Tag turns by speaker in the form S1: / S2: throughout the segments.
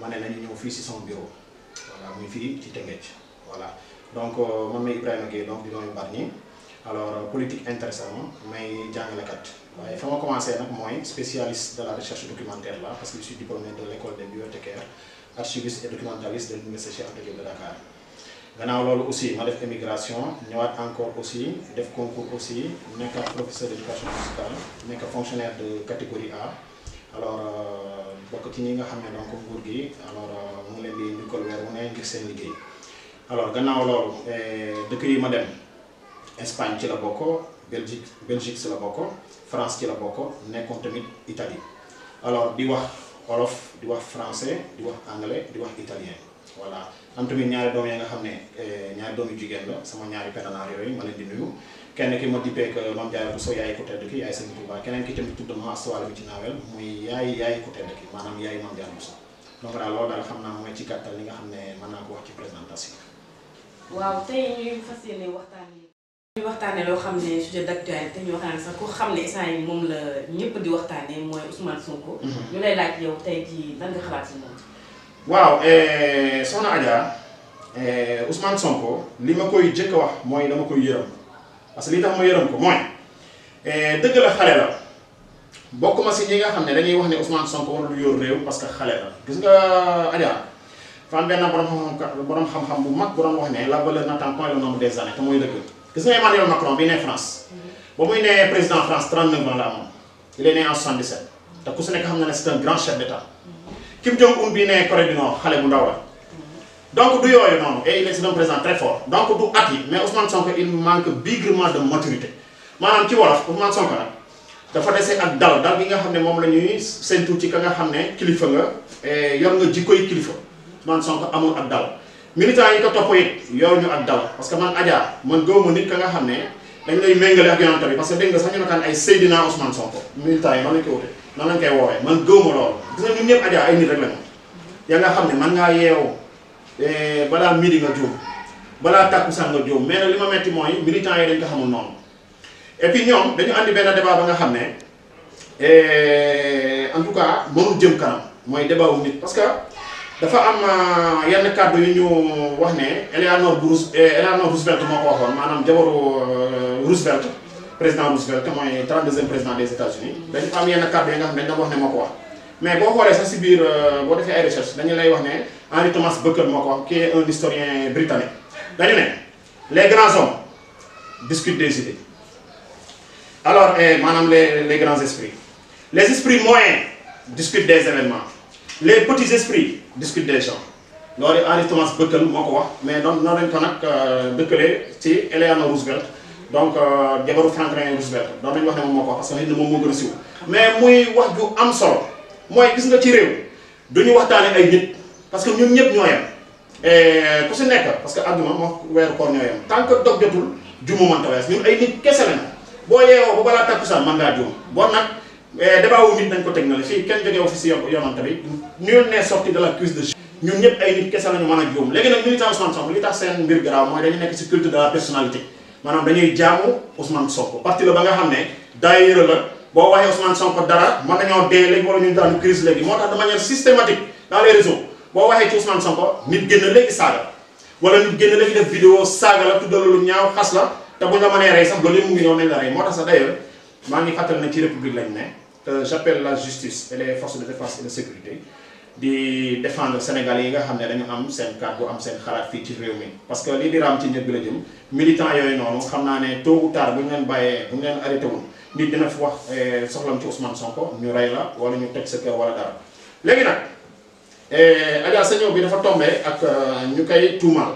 S1: mané suis nañu ñëw fii son bureau voilà muy fi ci Tëngéej voilà donc euh, man may Ibrahima Gueye donc di le Bargny alors euh, politique intéressante, mais may kat waaye fa ma commencé nag mooy spécialiste de la recherche documentaire là parce que je suis diplômé de l'école des bibliothécaires archiviste et documentaliste de l'université de Dakar gannaaw loolu aussi ma def émigration ñëwaat encore aussi def concours aussi nekkat professeur d'éducation éducation musicale nekk fonctionnaire de catégorie A alors euh, bokk ci ñi nga xam ne donc nguur gi alors euh, mu ngi leen di njukkal weer mu ne ngir seen liggéey alors gannaaw loolu eh, dëkk yi ma dem Espagne ci la bokk Belgique Belgique ci la bokk France ci la bokk nekkoon tamit Italie alors di wax wolof di wax français di wax anglais di wax italien. voilà am tamit ñaari doom ya nga xam ne eh, ñaari doom yu jigéen la sama ñaari pédanaar yooyu ma leen di nuyu kenn ki ma dippee ak eh, Mame Diarra Bousso yaay ku tedd ki yaay Sëñ Touba keneen ki tamit tudd ma astuwaale bi ci naawel loolu daal xam naa mooy ci gàttal li nga xam ne mën naa ko wax ci présentation waaw tey ñuy fas loo xam ne sujet d'actualité ñu waxtaanee yi moom la ñëpp di waxtaanee mooy Ousmane Sonko. Mhm. ñu lay laaj yow tey jii lan xalaat si moom. waaw eh, soxna Adja eh, Ousmane Sonko li ma koy jëkk wax mooy dama koy yërëm parce que li tax ma yërëm ko mooy eh, dëgg la xale la bokk ma si ñi nga xam ne dañuy wax ne Ousmane Sonko warul yor réew parce que xale la gis nga Adja fan benn borom xam-xam bu mag bu doon wax ne la valeur n'attend point le nombre te mooy dëgg gis nga Emmanuel Macron bi ne France ba muy ne président France 39 ans la amoon il est né en 77 te ku si nekk xam na ne c'est Kim Jong-un bi né Corée du Nord xale bu ndaw la donc du yooyu non et il est un présent très fort donc du at mais Ousmane Sonko il manque bigrement de maturité manam ci wolof Ousmane Sonko nag dafa dese ak dal dal bi nga xamné mom lañuy la ñuy ci ka nga xamné kilifa nga yor nga jikkoy kilifa Ousmane Sonko amul ak dal militant yi ko topp it yoruñu ak dal parce que man Adja man gëwuma nit ka nga xamné dañ lay mengalé ak yonante bi parce que dégg nga sax ñu ne ay Seydina Ousmane Sonko militant yi man lañ ko wute noonu lañ koy woowee man gëw ma lool gis nga ñun ñëpp Adja ay nit rek lañu ya nga xam ne man ngaa yeewu eh, balaa midi nga juum balaa tàkkusaan nga juum mais nag li ma metti mooy militants yi dañ ko xamul noonu et ñoom dañu andi benn débat ba nga xam ne eh, en tout cas mënul jëm kanam mooy débat wu nit parce que dafa am euh, yenn kàddu yu ñu wax ne Eleanor eh, Roosevelt moo ko waxoon maanaam jabaru euh, Roosevelt président Roosevelt le 32e président des États-Unis il y a une carte nga wax ne moo mais boo sax si biir euh, boo defee ay recherche lay Henry Thomas Buckle qui est un historien britannique dañu les grands hommes discutent des idées alors eh, madame, les les grands esprits les esprits moyens discutent des événements les petits esprits discutent des gens Alors, Henry Thomas Buckle wax mais dans noonu lañ ko nag euh, dëkkalee ci Eleanor Roosevelt donc euh, jabaru Franklin Roosevelt do nañ wax ne mom moko ko parce que xëy na moom moo siw mais muy wax ju am solo moy gis nga ci rew duñu waxtane ay nit parce que ñun ñëpp ñoo euh ku ci nekk parce que aduma mo wër ko ñoo yem tant que dog jotul ju mu mënta wess ñun ay nit kese bo yéwo bu bala takku sa man ngaa juum bon nag eh, débat wu nit dañ ko tek na la fii kenn jëgé ofisi si bi nul né sorti de la cuisse de ñun ñëpp ay nit kese lañu mëna a légui nak nag militant Ousmane Sonko li tax seen mbir graw moy dañu nekk ci culture de la personnalité manam dañuy jaamu Ousmane Sonko parti la ba nga xamné daayira la bo waxe Ousmane Sonko dara man nañu dé légui wala ñu daanu crise légui motax de manière systématique dans les réseaux bo waxe ci Ousmane Sonko nit gën légui saga wala nit gën légui def vidéo saga la tuddal lu ñaaw xass la té bu nga mané ray sax lolé mu ngi ñoo mel la ray motax sa d'ailleurs ma ngi fatal na ci république lañ né euh, j'appelle la justice et les forces de défense et de sécurité di défendre sénégalais yi nga xamné dañu am seen kàddu am sen xalat fi ci réew mi parce que li di ram ci bi la jëm militant yoy nonu xamna né ne tôt ou tard bu ñu leen bàyyee bu ñu leen arrêté wu nit dina fi wax eh, soxlam ci Ousmane Sonko ñu ray la wala ñu teg sa kër wala dara nak euh aja Señor bi dafa tombé ak euh, ñu kay tuumaal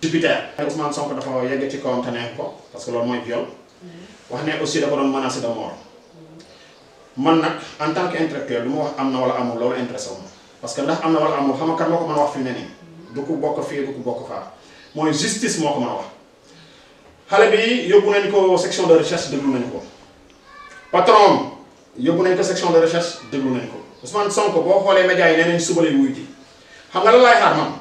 S1: Jupiter Ousmane Sonko dafa yegg ci kawam te ko parce que lool moy viol mm-hmm. wax né aussi dafa don menacer de mort man nak en tant que intellectuel eh, luma wax amna wala amul lolu intéressé wu parce que ndax amna wala amul xam nga kan moo ko wax fi mu ne nii du ko bokk fi du ko bokk fa moy justice moko ko wax xalé bi yobou nañ ko section de recherche deglu nañ ko patron yobou nañ ko section de recherche deglu nañ ko Ousmane Sonko bo xolé médias yi nenañ nañ suba lay wuy ci xam nga la lay xaar man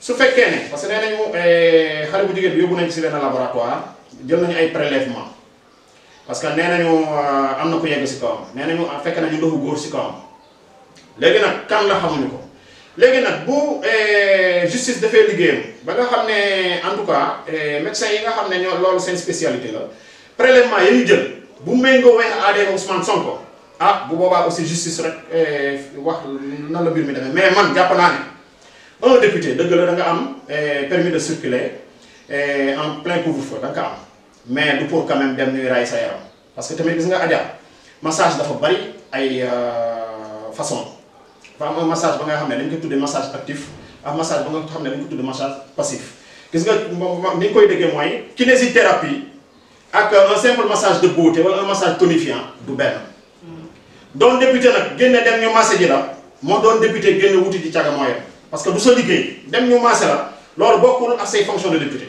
S1: su fekkee ne parce que nenañ mo euh xalé bu jigéen bi yobou nañ ci ben laboratoire jël nañ ay prélèvement parce que nee nañu euh, am na ku yegg si kawam nee nañu ah, fekk nañu ndoxu góor si kawam léegi nag kan la xamuñu ko légui nak bu eh, justice dafay liggéeyam ba nga xamné en tout cas eh, médecins yi nga xamné ñoo lolu seen spécialité la prélèvement yi ñu jël bu mengo weex ADN Ousmane Sonko ah bu boba aussi justice rek eh, wax nan la mbir mi demee mais man japp naa ne un député deug la da nga am permis de circuler en plein couvre-feu da nga am mais du pour quand même dem ñuy raay sa yaram parce que tamit gis nga Adja massage dafa bari ay euh, façon par am un massage ba nga xamné dañ ko tuddee massage actif ak massage ba nga xamné dañ ko tuddee massage passif gis nga ni koy déggee moy kinésithérapie ak un simple massage de beauté wala un massage tonifiant du benn don député nak génné dem ñu massé ji la moo doon député génne wuti ji caga mooyam parce que du sa liggéey dem ñu massé la loolu bokul ak say fonctions de député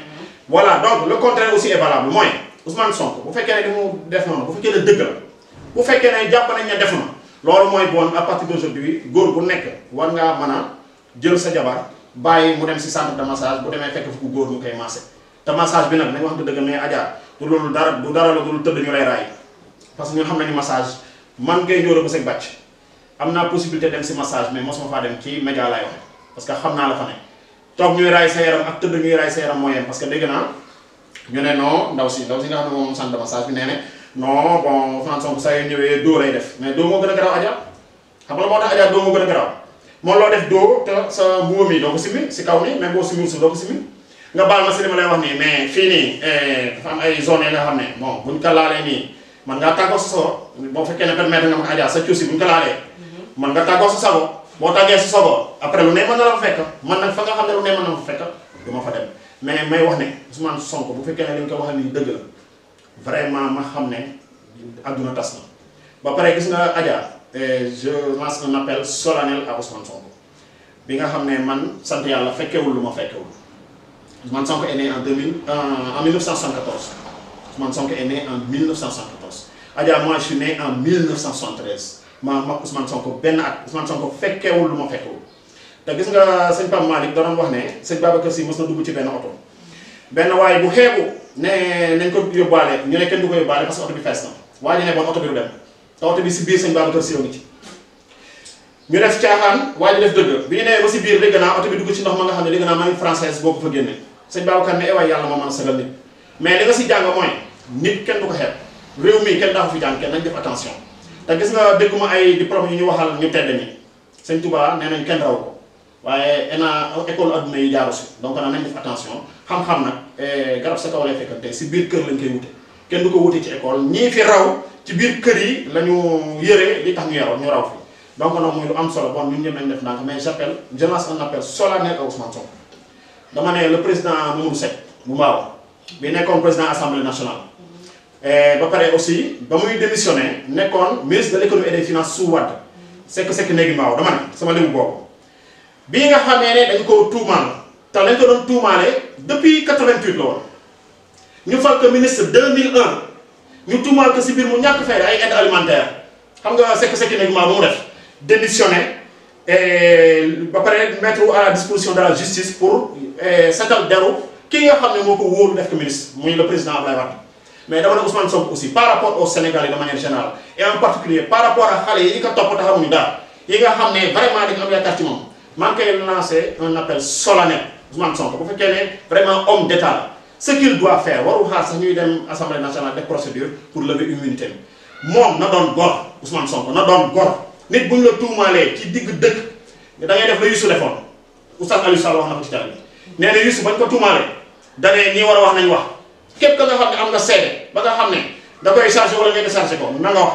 S1: voilà donc le contraire aussi est valable Moi, Ousmane Sonko Vous faites vous faites dëgg la à partir d'aujourd'hui vous bu war jël sa jabar centre de massage bu demee faire vous mu massage bi nag wax dëgg mais des massages, dara pas la ñu lay parce que massage man ngay ñëw ba seg amna possibilité dem massage mais mosuma fa dem ci média lay parce que xamna la toog ñuy raay sa yaram ak tëdd ñuy raay sa yaram mooy parce que dégg naa ñu ne non ndaw si ndaw si nga xam ne moom sant massage bi nee ne saa yu ñëwee doo lay def mais doo moo gën a garaaw Adja xam nga moo tax a garaaw loo def doo te sa mbubb mi doo si kaw ni mais boo simul su doo nga baal ma si li ma lay wax nii mais fii nii eh, dafa am ay zones yi nga xam ne bon buñ ko laalee nii man ngaa tàggoo sa soro boo fekkee ne permettre nga ma Adja sa cuusi buñ ko laalee man mhm. nga tàggoo sa sago boo tàggee si sogo après lu ne mën na la fa fekk man nag fa nga xam ne lu ne mën na fa fekk du ma fa dem mais may wax ne Ousmane Sonko bu fekkee ne li ñu vraiment ma xam ne àdduna tas na ba pare gis nga Adja eh, je lance un appel solennel à Ousmane Sonko bi nga xam ne man sant yàlla fekkewul lu ma fekkewul Ousmane Sonko est né en 2000 euh, en 1974 Ousmane Sonko est né en 1974 Adja moi je suis né en ma ma Ousmane Sonko benn at Ousmane Sonko fekkewul lu ma fekkul te gis nga sëñ Pape Malick danoon wax ne sëñ Babacar Sy mos na dugg ci benn oto benn waaye bu xeebu ne nañ ko yóbbaale ñu ne kenn du ko yóbbaale parce que oto bi fees si biir sëñ Babacar Sy ci ñu def caaxaan waaye ñu def dëgg bi ñu nee ba biir dégg naa oto bi dugg ci ndox ma nga xam ne dégg naa maa ngi boo ko fa génne sëñ Babacar ne ewaay eh yàlla moo mën a nit mais li nga si jàng mooy nit kenn du ko xeeb réew mii kenn def attention te gis nga dégguma ay diplôme yu ñu waxal ñu tedd ni sëñ Touba nee nañ kenn raw ko waaye ENA école adduna yi jaaru si donc nag nañ def attention xam-xam nag eh, garab sa kaw lay fekkante si biir kër lañ koy wute kenn du ko wute ci école ñii fi raw ci biir kër yi lañu ñu yëree li tax ñu yaroo ñu raw fi donc nag muy lu am solo bon ñun ñëpp nañ def ndànk mais j'appelle je lance un appel solennel à Ousmane dama ne la président Mamadou Seck bu Mbao bi nekkoon président assemblée nationale Eh, ba pare aussi ba muy démissionné nekkoon ministre de l'économie et des finances su Wade c'est que néegi maaw dama ne sama limu boobu bii nga xamee ne dañ ko tuumaal te lañ ko doon tuumaale depuis 88 la woon ñu fal ministre 2001 ñu tuumaal ko si biir mu ñàkk fay ay aide alimentaire xam nga sekk sekk c'est maaw ba mu def démissionné eh, ba pare mettre à la disposition de la justice pour eh, setal deru kii nga xam ne moo def ministre muy le président Ablaye Wade mais dama ne Ousmane Sonko aussi par rapport au Sénégal de manière générale et en particulier par rapport à xale yi ko topp te xamuñu daal yi nga xam vraiment dañu am yaakaar ci moom maa ngi lancé un appel solennel Ousmane Sonko bu fekkee vraiment homme d'état ce qu'il doit faire waru xaar sax ñuy dem assemblée nationale des procédures pour lever immunité bi na doon gor Ousmane Sonko na doon gor nit bu ñu la tuumaalee ci digg dëkk da ngay def la Youssou defoon Oustaz Aliou Sall wax na ko ci taal bi nee na Youssou bañ ko tuumaalee da ñi war wax nañ wax. képp ka nga xam ne am nga seede ba nga xam ne da koy chargé wala ngay déchargé ko na nga wax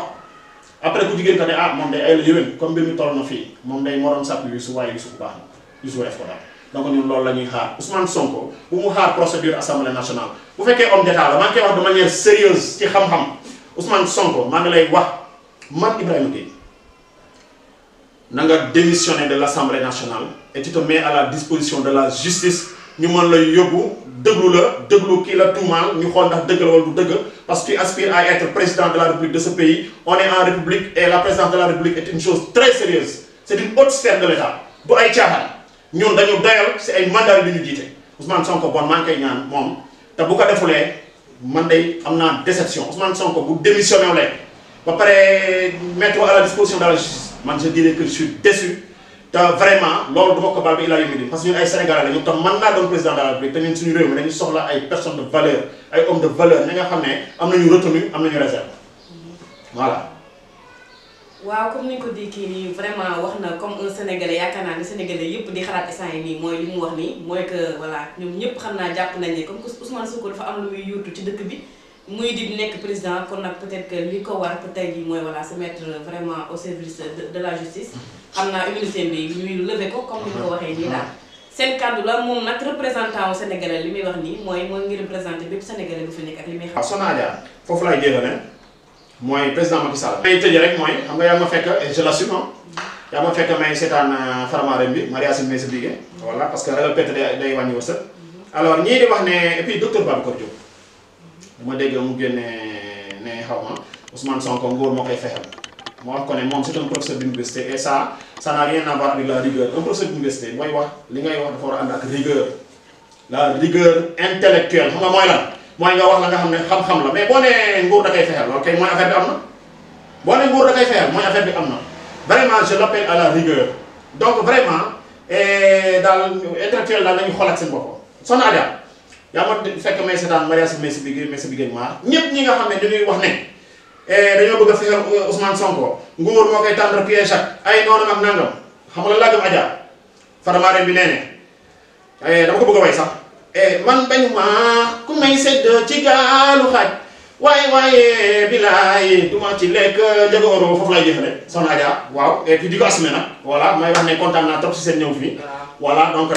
S1: après ku jigéen ka ne ah moom day ay la yëwén comme mbir mi toll na fii moom day moroom sàpp yu su waaye yu su bu baax na yu su def ko daal donc ñun loolu la ñuy xaar Ousmane Sonko bu mu xaar procédure assemblée nationale bu fekkee homme d'état la maa ngi koy wax de manière sérieuse ci xam-xam Ousmane Sonko man ngi lay wax man Ibrahima Gueye na nga démissionné de l' assemblée nationale et tu te la disposition de la justice ñu mën la yóbbu déglu la déglu kii la tuumaal ñu xool ndax dëgg la wala parce que aspire à être président de la république de ce pays on est en république et la présidence de la république est une chose très sérieuse C'est une haute sphère de l'État. état du ay caaxaan ñun dañu doyal si ay mandat bi ñu jiite Ousmane Sonko bon maa ngi koy ñaan moom te bu ko defulee man day am naa déception Ousmane Sonko bu démissionné wu ba pare mettre à la disposition de la justice man je dirais que je suis déçu te vraiment loolu du ma ko baal ba ilaa parce que ñun ay Sénégalais la ñu te mën naa doon président de la République te ñun suñu réew mi dañu soxla ay personnes de valeur ay hommes de valeur ñi nga xam ne am nañu retenue am réserve voilà. waaw comme ni ñu ko di vraiment wax na comme un sénégalais yaakaar naa ni sénégalais yëpp di xalaat instant yi nii mooy li mu wax nii mooy que voilà ñoom ñëpp xam naa jàpp nañ ne comme que Ousmane Sonko dafa am lu muy yóotu ci dëkk bi muy di nekk président kon nag peut-être que li ko war tey jii mooy voilà se mettre vraiment au service de la justice. am naa immunité bi ñuy lever ko comme ni nga ko waxee nii daal. seen kàddu la moom nag représentant wu Sénégalais li muy wax nii mooy mooy ngi représenté bépp Sénégalais bu fi nekk ak li ah, may xam nga yaa ma fekk et ah. yaa ma fekk may seetaan euh, faramaarem bi mariage bi may sa bigé. parce que ragal perte day day wàññi wërsëg. alors ñii di wax ne et puis docteur Babacar Diop. dama dégg mu génne ne xaw ma Ousmane Sonko nguur moo koy fexeel. moi wax ko ne moom c'est un professeur d'université et ça ça n'a rien à voir avec la rigueur un professeur d'université booy wax li ngay wax dafa war a ak rigueur la rigueur intellectuelle xam nga mooy lan mooy nga wax la nga xamné xam-xam la mais bo né ngour da koy fexeel loolu kay mooy affaire bi amna bo né ngour da koy fexeel moy affaire bi amna vraiment je l'appelle à la rigueur donc vraiment et eh, daal intellectuel daal nañu xoolaat seen bopp son Adja yaa ma fekk may seetaan Maria si Messi bi Messi bi Gueye Maar ñëpp ñi nga xamné dañuy wax né Eh, dañoo bëgg a fexeel Ousmane Sonko nguur moo koy tendre piège ak ay noonam ak nangam xam nga la a Adja faramaare bi nee eh, dama ko bëgg a way sax eh, man bañ ma ku may sedd ci gaalu xaaj waaye waaye bilaay du ma ci lekk jago oro fof lay jëfe so na ja waaw et di ko assumé nag voilà may wax ne kontaan naa trop si seen ñëw fii voilà donc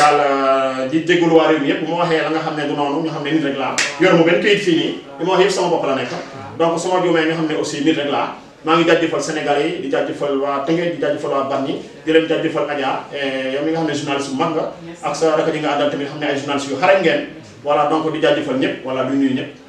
S1: di jégalu waa réew mi yëpp bu ma la nga xam ne du noonu ñu ne nit rek yor mo ben kayit fii nii li mo wax sama bopp la nekk donc suma juumee ñu xam ne aussi nit rek laa maa ngi jaajëfal Sénégalais yi di fal wa Tëngéej di fal wa Bargny di leen jaajëfal Adja yow mi nga xam ne journaliste bu mag nga ak sa rakk yi nga tamit ne ay journaliste yu xarañ ngeen voilà donc di jaajëfal ñëpp voilà du ñuy ñëpp